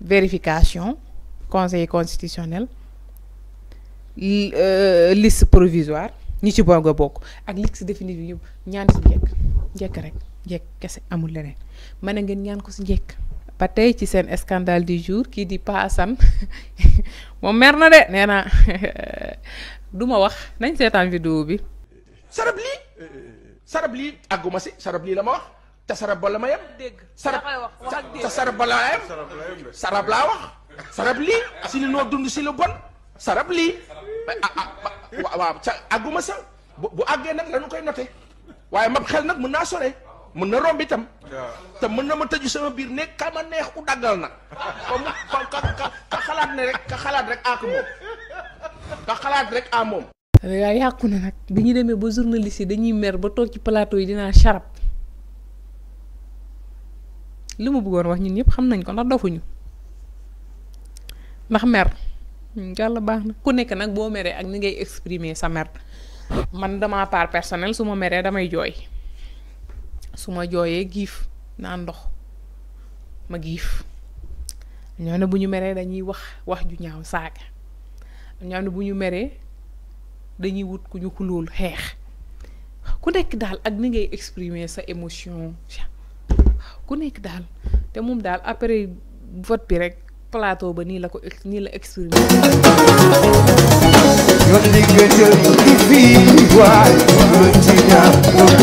vérification conseil constitutionnel euh, liste provisoire ñi ci boog a bokk ak liste définitive yëpp ñaan si njëkk njëkk rek njëkk kese amul leneen mën a ngeen ñaan ko si njekk ba tey ci seen scandale du jour kii di Pa Assane moom mer na de nee naa du ma wax nañ seetaan vidéo bi sarab lii sarab lii àgguma si sarab lii la ma wax ca sarab ba la ma yem. dégg sarab ca sarab ba la yem. sarab laa wax. sarab lii si li noo dund si lu bon. sarab lii. ah, ah waaw ca àgguma sa bu àggee nag la ñu koy noté waaye mab xel nag mun naa sore mën na romb itam. te mën na ma tëju sama biir nekk ka ma neex u daggal na ka xalaat ne rek ka xalaat rek ak moom ka xalaat rek a moom. waaw yàqu na nag bi ñu demee ba journaliste yi dañuy mer ba toog ci plateau yi dinaa charab. lu mu bëggoon wax ñun ñëpp xam nañ ko ndax dofuñu ndax mer hmm, yàlla baax na ku nekk nag boo meree ak ni ngay exprimer sa mer man dama part personnel su ma meree damay jooy su ma jooyee giif naa ndox ma giif ñoo ne bu ñu meree dañuy wax wax ju ñaaw saaga ñoo ne bu ñu meree dañuy wut ku ñu xulóol xeex ku nekk daal ak ni ngay exprimer sa émotion ku nekk daal te moom daal après vote bi rek plateau ba nii la ko nii la exprimé